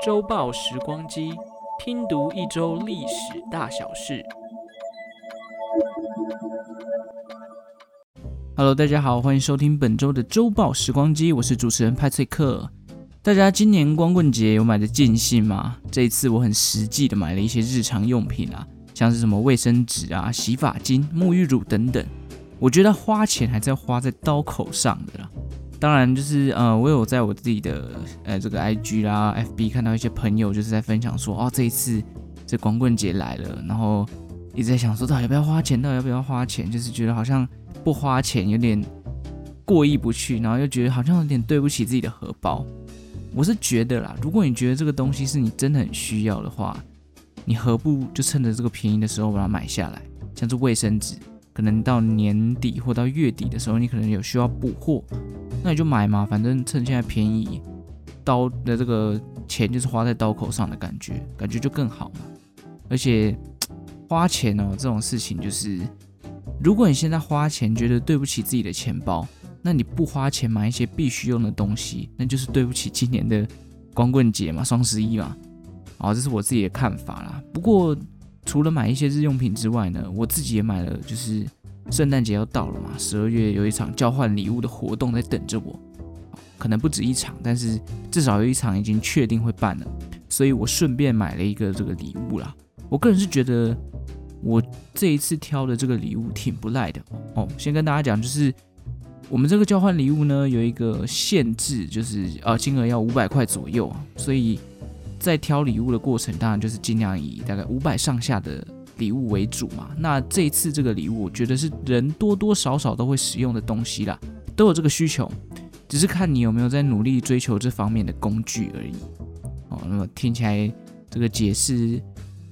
週報時光機，拼讀一周歷史大小事。Hello，大家好，歡迎收聽本周的週報時光機，我是主持人派翠克。大家今年光棍節有買的盡興嗎？這一次我很實際的買了一些日常用品啊，像是什麼衛生紙啊、洗髮精、沐浴乳等等。我覺得花錢還是要花在刀口上的啦。當然，就是呃，我有在我自己的呃這個 IG 啦、FB 看到一些朋友就是在分享說，哦，這一次這光棍節來了，然後一直在想說，到底要不要花錢，到底要不要花錢，就是覺得好像不花錢有點過意不去，然後又覺得好像有點對不起自己的荷包。我是覺得啦，如果你覺得這個東西是你真的很需要的話，你何不就趁着這個便宜的時候把它買下來，像這衛生紙。可能到年底或到月底的時候，你可能有需要補貨，那你就買嘛，反正趁現在便宜，刀的這個錢就是花在刀口上的感覺，感覺就更好嘛。而且花錢哦、喔，這種事情就是，如果你現在花錢覺得對不起自己的錢包，那你不花錢買一些必須用的東西，那就是對不起今年的光棍節嘛，雙十一嘛。好，這是我自己的看法啦。不過除了買一些日用品之外呢，我自己也買了，就是。聖誕節要到了嘛，十二月有一場交換禮物的活動在等着我，可能不止一場，但是至少有一場已經確定會辦了，所以我順便買了一個這個禮物啦。我個人是覺得我這一次挑的這個禮物挺不賴的哦。先跟大家講，就是我們這個交換禮物呢有一個限制，就是呃、啊、金額要五百塊左右。所以在挑禮物的過程，當然就是盡量以大概五百上下的。禮物為主嘛，那這一次這個禮物，我覺得是人多多少少都會使用的東西啦，都有這個需求，只是看你有沒有在努力追求這方面的工具而已。哦，那麼聽起來這個解釋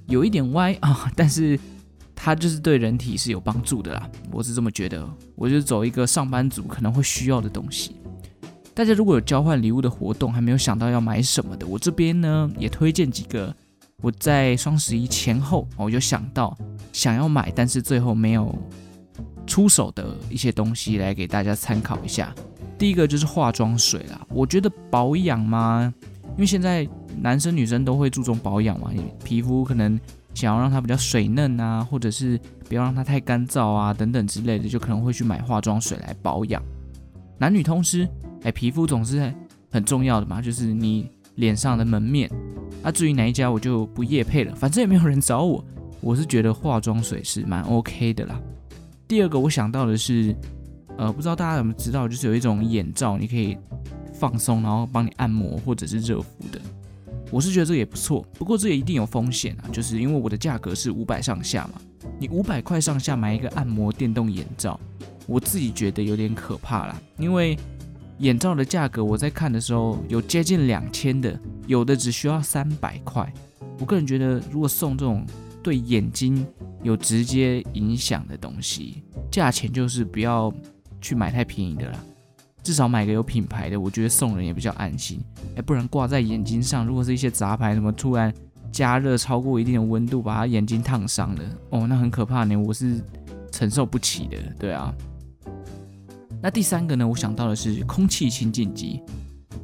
有一點歪啊，哦，但是它就是對人體是有幫助的啦，我是這麼覺得。我就是走一個上班族可能會需要的東西，大家如果有交換禮物的活動還沒有想到要買什麼的，我這邊呢也推薦幾個。我在雙十一前後，我就想到想要買，但是最後沒有出手的一些東西來給大家參考一下。第一個就是化妝水啦，我覺得保養嘛，因為現在男生女生都會注重保養嘛，皮膚可能想要讓它比較水嫩啊，或者是不要讓它太乾燥啊，等等之類的，就可能會去買化妝水來保養，男女通吃。哎、欸，皮膚總是很重要的嘛，就是你。臉上的門面、啊，那至於哪一家我就不業配了，反正也沒有人找我。我是覺得化妝水是蠻 OK 的啦。第二個我想到的是，呃，不知道大家有沒有知道，就是有一種眼罩，你可以放鬆，然後幫你按摩或者是熱敷的。我是覺得這個也不錯，不過這也一定有風險啊，就是因為我的價格是五百上下嘛，你五百塊上下買一個按摩電動眼罩，我自己覺得有點可怕啦，因為。眼罩的價格，我在看的時候有接近兩千的，有的只需要三百塊。我個人覺得，如果送這種對眼睛有直接影響的東西，價錢就是不要去買太便宜的了，至少買個有品牌的，我覺得送人也比較安心。哎、欸，不然掛在眼睛上，如果是一些雜牌，什麼突然加熱超過一定的溫度，把它眼睛燙傷了，哦，那很可怕呢，我是承受不起的。對啊。那第三個呢？我想到的是空氣清淨機，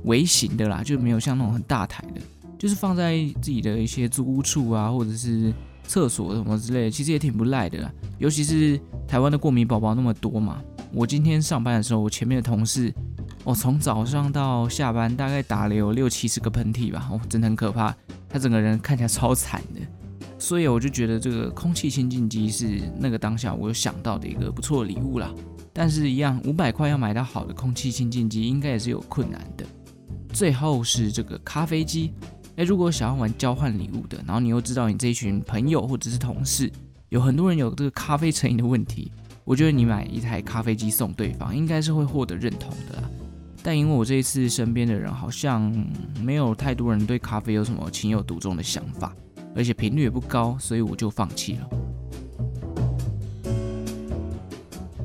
微型的啦，就沒有像那種很大台的，就是放在自己的一些租屋處啊，或者是廁所什麼之類的，其實也挺不賴的啦，尤其是台灣的過敏寶寶那麼多嘛。我今天上班的時候，我前面的同事，哦，從早上到下班大概打了有六七十個噴嚏吧，哦，真的很可怕，他整個人看起來超慘的。所以我就覺得這個空氣清淨機是那個當下我有想到的一個不錯的禮物啦。但是，一樣五百塊要買到好的空氣清淨機，應該也是有困難的。最後是這個咖啡機。哎，如果想要玩交換禮物的，然後你又知道你這群朋友或者是同事有很多人有這個咖啡成癮的問題，我覺得你買一台咖啡機送對方，應該是會獲得認同的。但因為我這一次身邊的人好像沒有太多人對咖啡有什麼情有獨鍾的想法。而且頻率也不高，所以我就放棄了。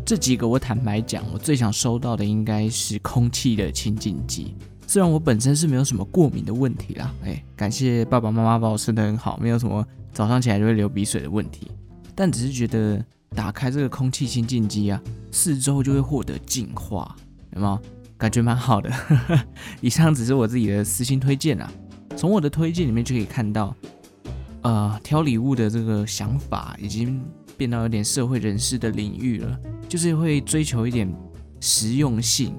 這幾個，我坦白講，我最想收到的應該是空氣的清淨機。雖然我本身是沒有什麼過敏的問題啦，哎，感謝爸爸媽媽把我生的很好，沒有什麼早上起來就會流鼻水的問題。但只是覺得打開這個空氣清淨機啊，四周就會獲得淨化，有嗎？感覺蠻好的。 以上只是我自己的私心推薦啦。從我的推薦裡面就可以看到。呃，挑禮物的這個想法已經變到有點社會人士的領域了，就是會追求一點實用性，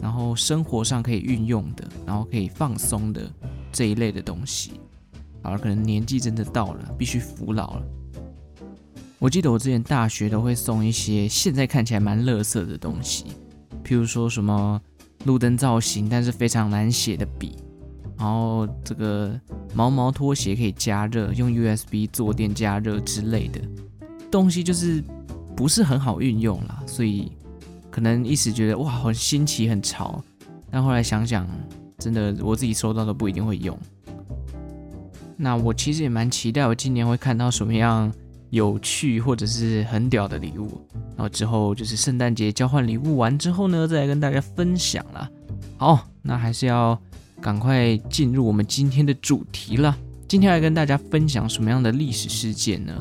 然後生活上可以運用的，然後可以放鬆的這一類的東西。而可能年紀真的到了，必須服老了。我記得我之前大學都會送一些現在看起來蠻垃圾的東西，譬如說什麼路燈造型，但是非常難寫的筆。然後這個毛毛拖鞋，可以加熱，用 USB 坐墊加熱之類的東西，就是不是很好運用啦，所以可能一時覺得哇很新奇很潮，但後來想想，真的我自己收到都不一定會用。那我其實也蠻期待我今年會看到什麼樣有趣或者是很屌的禮物。然後之後就是聖誕節交換禮物完之後呢，再來跟大家分享啦。好，那還是要。趕快進入我們今天的主題了。今天要來跟大家分享什麼樣的歷史事件呢？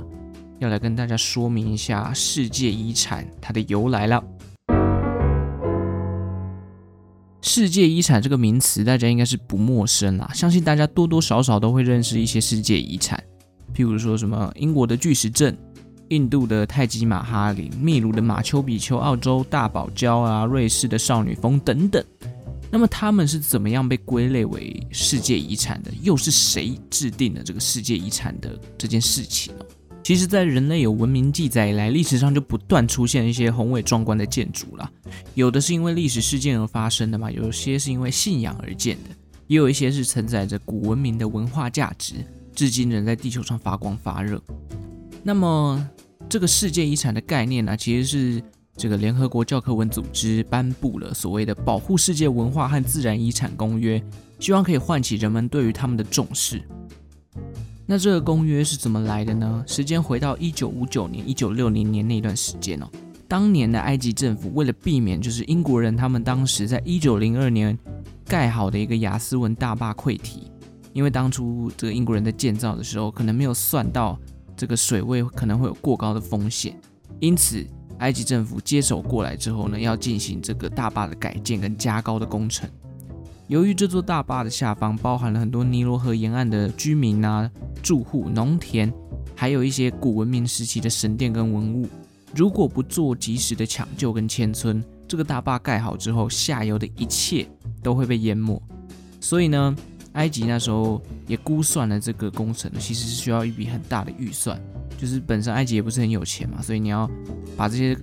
要來跟大家說明一下世界遺產它的由來了。世界遺產這個名詞大家應該是不陌生啦，相信大家多多少少都會認識一些世界遺產，譬如說什麼英國的巨石陣、印度的泰姬瑪哈陵、祕魯的馬丘比丘、澳洲大堡礁啊、瑞士的少女峰等等。那麼他們是怎麼樣被歸類為世界遺產的？又是誰制定了這個世界遺產的這件事情呢？其實，在人類有文明記載以來，歷史上就不斷出現一些宏偉壯觀的建築啦。有的是因為歷史事件而發生的嘛，有些是因為信仰而建的，也有一些是承載着古文明的文化價值，至今仍在地球上發光發熱。那麼，這個世界遺產的概念呢，啊，其實是。這個聯合國教科文組織頒布了所謂的《保護世界文化和自然遺產公約》，希望可以喚起人們對於他們的重視。那這個公約是怎麼來的呢？時間回到一九五九年、一九六零年那段時間哦。當年的埃及政府為了避免，就是英國人他們當時在一九零二年蓋好的一個亞斯文大壩潰堤，因為當初這個英國人在建造的時候可能沒有算到這個水位可能會有過高的風險，因此。埃及政府接手過來之後呢，要進行這個大壩的改建跟加高的工程。由於這座大壩的下方包含了很多尼羅河沿岸的居民、啊、住戶、農田，還有一些古文明時期的神殿跟文物。如果不做及時的搶救跟遷村，這個大壩蓋好之後，下游的一切都會被淹沒。所以呢。埃及那時候也估算了這個工程，其實是需要一筆很大的預算。就是本身埃及也不是很有錢嘛，所以你要把這些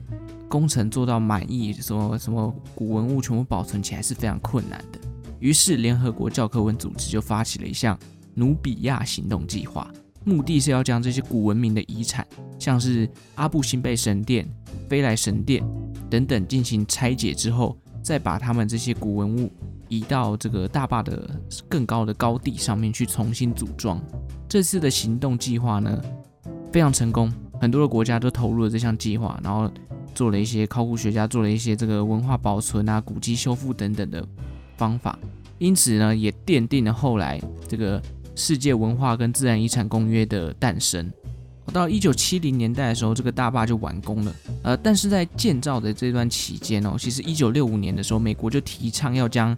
工程做到滿意，什麼什麼古文物全部保存起來是非常困難的。於是聯合國教科文組織就發起了一項努比亞行動計劃，目的是要將這些古文明的遺產，像是阿布辛貝神殿、菲萊神殿等等進行拆解之後，再把他們這些古文物。移到這個大壩的更高的高地上面去重新組裝。這次的行動計劃呢，非常成功，很多的國家都投入了這項計劃，然後做了一些考古學家做了一些這個文化保存啊、古蹟修復等等的方法，因此呢也奠定了後來這個世界文化跟自然遺產公約的誕生。到一九七零年代的時候，這個大壩就完工了。呃，但是在建造的這段期間哦，其實一九六五年的時候，美國就提倡要將啊、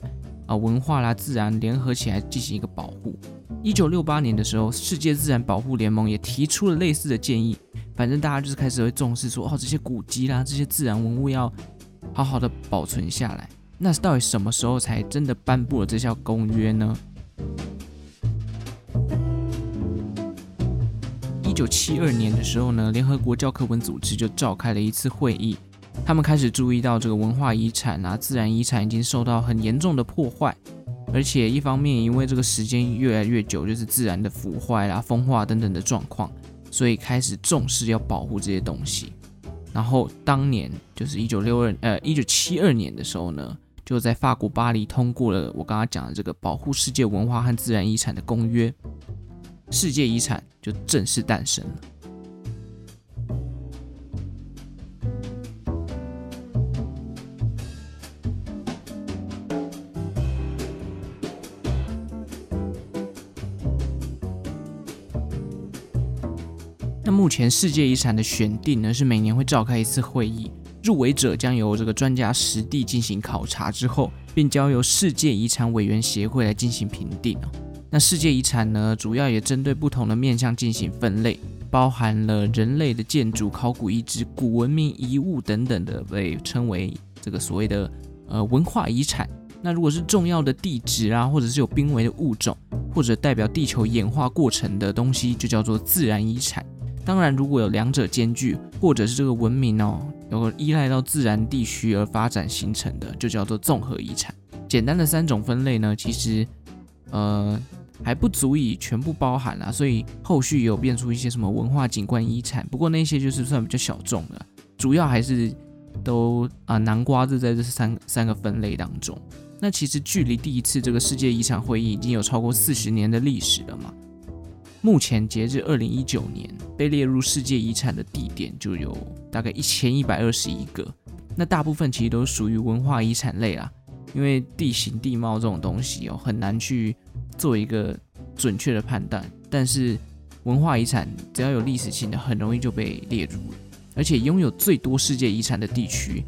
呃、文化啦、自然聯合起來進行一個保護。一九六八年的時候，世界自然保護聯盟也提出了類似的建議。反正大家就是開始會重視說哦，這些古蹟啦、這些自然文物要好好的保存下來。那到底什麼時候才真的頒布了這項公約呢？一九七二年的時候呢，聯合國教科文組織就召開了一次會議，他們開始注意到這個文化遺產啊、自然遺產已經受到很嚴重的破壞，而且一方面因為這個時間越來越久，就是自然的腐壞啦、啊、風化等等的狀況，所以開始重視要保護這些東西。然後當年就是一九六二呃一九七二年的時候呢，就在法國巴黎通過了我剛剛講的這個保護世界文化和自然遺產的公約。世界遺產就正式誕生了。那目前世界遺產的選定呢，是每年會召開一次會議，入圍者將由這個專家實地進行考察之後，並交由世界遺產委員協會來進行評定。那世界遺產呢，主要也針對不同的面向進行分類，包含了人類的建築、考古遺址、古文明遺物等等的，被稱為這個所謂的呃文化遺產。那如果是重要的地質啊，或者是有瀕危的物種，或者代表地球演化過程的東西，就叫做自然遺產。當然，如果有兩者兼具，或者是這個文明哦，有依賴到自然地區而發展形成的，就叫做綜合遺產。簡單的三種分類呢，其實呃。還不足以全部包含啦、啊，所以後續也有變出一些什麼文化景觀遺產，不過那些就是算比較小眾了。主要還是都啊、呃，囊括在這三三個分類當中。那其實距離第一次這個世界遺產會議已經有超過四十年的歷史了嘛。目前截至二零一九年被列入世界遺產的地點就有大概一千一百二十一個，那大部分其實都屬於文化遺產類啦，因為地形地貌這種東西哦很難去。做一個準確的判斷，但是文化遺產只要有歷史性的，很容易就被列入了，而且擁有最多世界遺產的地區，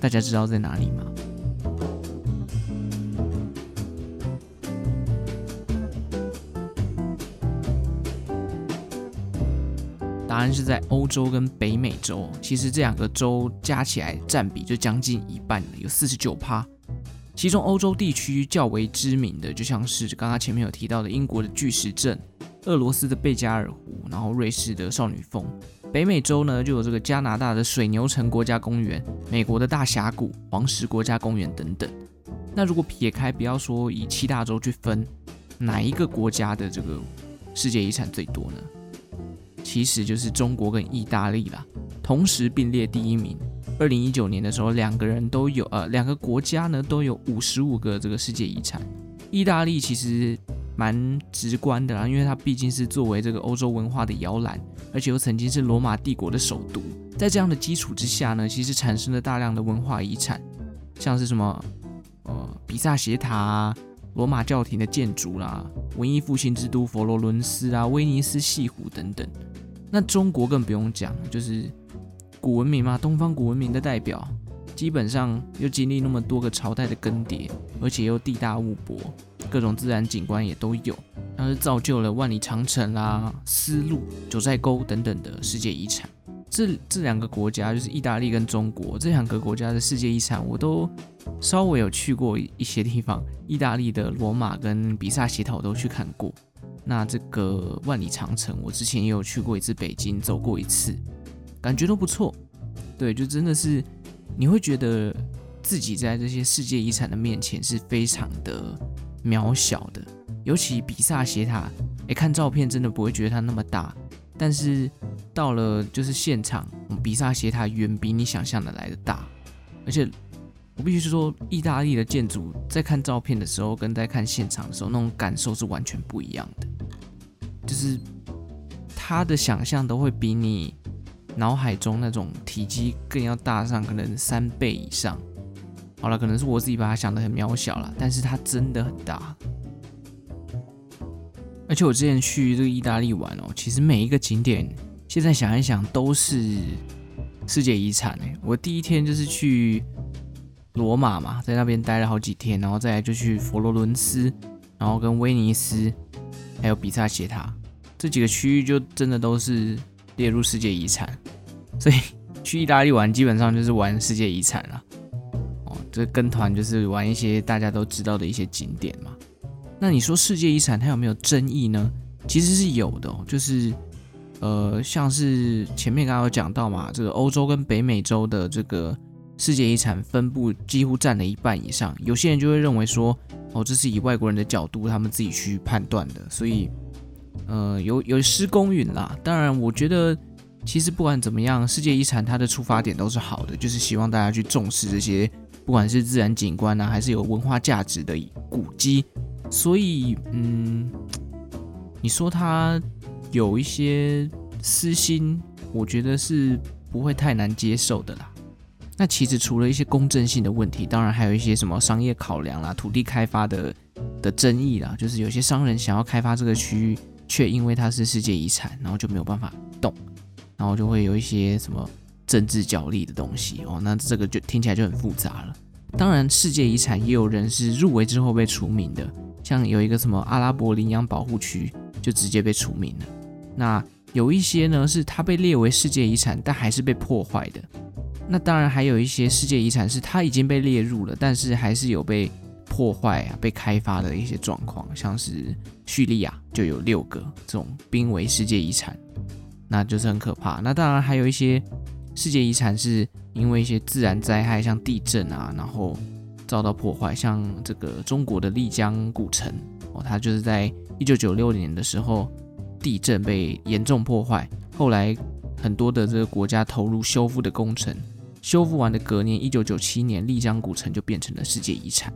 大家知道在哪裡嗎？答案是在歐洲跟北美洲。其實這兩個州加起來佔比就將近一半了，有四十九趴。其中歐洲地區較為知名的，就像是剛剛前面有提到的英國的巨石陣、俄羅斯的貝加爾湖，然後瑞士的少女峰。北美洲呢，就有這個加拿大的水牛城國家公園、美國的大峽谷、黃石國家公園等等。那如果撇開，不要說以七大洲去分，哪一個國家的這個世界遺產最多呢？其實就是中國跟意大利啦，同時並列第一名。二零一九年的時候，兩個人都有，呃，兩個國家呢都有五十五個這個世界遺產。意大利其實蠻直觀的啊，因為它畢竟是作為這個歐洲文化的搖籃，而且又曾經是羅馬帝國的首都，在這樣的基礎之下呢，其實產生了大量的文化遺產，像是什麼呃比薩斜塔、啊、羅馬教廷的建築啦、啊、文藝復興之都佛羅倫斯啊、威尼斯西湖等等。那中國更不用講，就是。古文明嘛、啊，東方古文明的代表，基本上又經歷那麼多個朝代的更迭，而且又地大物博，各種自然景觀也都有，它是造就了萬里長城啦、啊、絲路、九寨溝等等的世界遺產。這這兩個國家就是意大利跟中國，這兩個國家的世界遺產我都稍微有去過一些地方。意大利的羅馬跟比薩斜塔我都去看過，那這個萬里長城我之前也有去過一次，北京走過一次。感覺都不錯，對，就真的是你會覺得自己在這些世界遺產的面前是非常的渺小的。尤其比薩斜塔，誒，看照片真的不會覺得它那麼大，但是到了就是現場，比薩斜塔遠比你想象的來得大。而且我必須說，意大利的建築在看照片的時候跟在看現場的時候那種感受是完全不一樣的，就是他的想象都會比你。腦海中那種體積更要大上可能三倍以上。好了，可能是我自己把它想得很渺小了，但是它真的很大。而且我之前去這個意大利玩哦，其實每一個景點，現在想一想都是世界遺產。我第一天就是去羅馬嘛，在那邊待了好幾天，然後再來就去佛羅倫斯，然後跟威尼斯，還有比薩斜塔這幾個區域就真的都是。列入世界遺產，所以去意大利玩基本上就是玩世界遺產了。哦，這跟團就是玩一些大家都知道的一些景點嘛。那你說世界遺產它有沒有爭議呢？其實是有的喔，就是呃，像是前面剛剛有講到嘛，這個歐洲跟北美洲的這個世界遺產分布幾乎占了一半以上，有些人就會認為說，哦，這是以外國人的角度他們自己去判斷的，所以。呃，有有失公允啦。當然，我覺得其實不管怎麼樣，世界遺產它的出發點都是好的，就是希望大家去重視這些，不管是自然景觀呢、啊，還是有文化價值的古蹟。所以，嗯，你說它有一些私心，我覺得是不會太難接受的啦。那其實除了一些公正性的問題，當然還有一些什麼商業考量啦、土地開發的的爭議啦，就是有些商人想要開發這個區域。卻因為它是世界遺產，然後就沒有辦法動，然後就會有一些什麼政治角力的東西哦，那這個就聽起來就很複雜了。當然，世界遺產也有人是入圍之後被除名的，像有一個什麼阿拉伯羚羊保護區就直接被除名了。那有一些呢，是它被列為世界遺產，但還是被破壞的。那當然，還有一些世界遺產是它已經被列入了，但是還是有被。破壞啊，被開發的一些狀況，像是敘利亞就有六個這種瀕危世界遺產，那就是很可怕。那當然還有一些世界遺產是因為一些自然災害，像地震啊，然後遭到破壞。像這個中國的麗江古城哦，它就是在一九九六年的時候地震被嚴重破壞，後來很多的這個國家投入修復的工程，修復完的隔年一九九七年麗江古城就變成了世界遺產。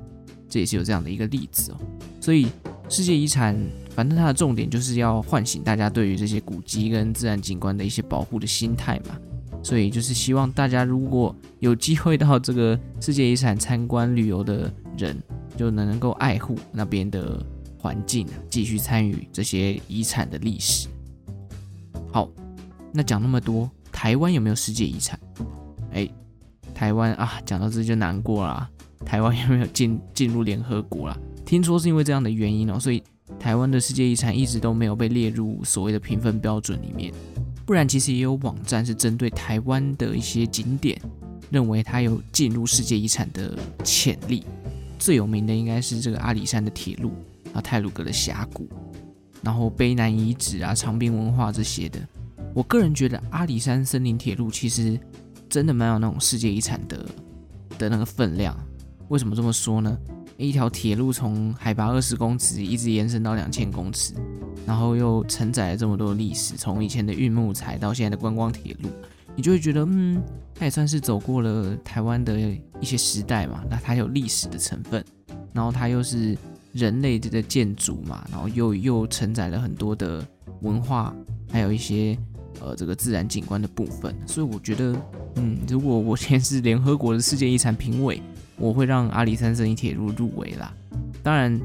這也是有這樣的一個例子哦，所以世界遺產，反正它的重點就是要喚醒大家對於這些古蹟跟自然景觀的一些保護的心態嘛。所以就是希望大家如果有機會到這個世界遺產參觀旅遊的人，就能夠愛護那邊的環境啊，繼續參與這些遺產的歷史。好，那講那麼多，台灣有沒有世界遺產？哎，台灣啊，講到這就難過了啊。台灣有沒有進進入聯合國啦，聽說是因為這樣的原因哦、喔，所以台灣的世界遺產一直都沒有被列入所謂的評分標準裡面。不然其實也有網站是針對台灣的一些景點，認為它有進入世界遺產的潛力。最有名的應該是這個阿里山的鐵路啊，太魯閣的峽谷，然後卑南遺址啊，長濱文化這些的。我個人覺得阿里山森林鐵路其實真的蠻有那種世界遺產的的那個分量。為什麼這麼說呢？一條鐵路從海拔二十公尺一直延伸到兩千公尺，然後又承載了這麼多歷史，從以前的運木材到現在的觀光鐵路，你就會覺得，嗯，它也算是走過了台灣的一些時代嘛。那它有歷史的成分，然後它又是人類這個建築嘛，然後又又承載了很多的文化，還有一些呃這個自然景觀的部分。所以我覺得，嗯，如果我現在是聯合國的世界遺產評委。我會讓阿里山森林鐵路入圍啦，當然，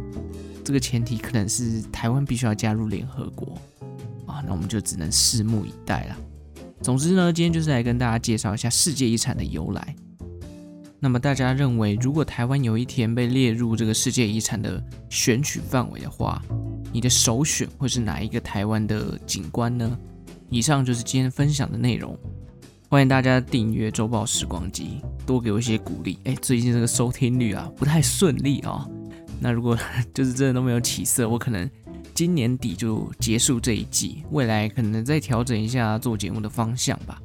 這個前提可能是台灣必須要加入聯合國啊，那我們就只能拭目以待啦。總之呢，今天就是來跟大家介紹一下世界遺產的由來。那麼大家認為，如果台灣有一天被列入這個世界遺產的選取範圍的話，你的首選會是哪一個台灣的景觀呢？以上就是今天分享的內容。歡迎大家訂閱週報時光機，多給我一些鼓勵。哎，最近這個收聽率啊，不太順利哦。那如果就是真的都沒有起色，我可能今年底就結束這一季，未來可能再調整一下做節目的方向吧，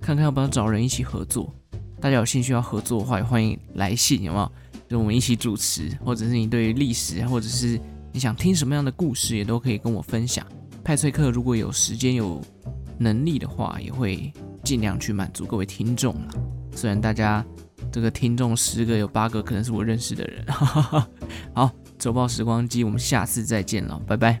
看看要不要找人一起合作。大家有興趣要合作的話，也歡迎來信，有沒有？就我們一起主持，或者是你對於歷史，或者是你想聽什麼樣的故事，也都可以跟我分享。派翠克如果有時間有能力的話，也會。盡量去滿足各位聽眾了。雖然大家這個聽眾十個有八個可能是我認識的人。哈哈哈。好，週報時光機，我們下次再見了，拜拜。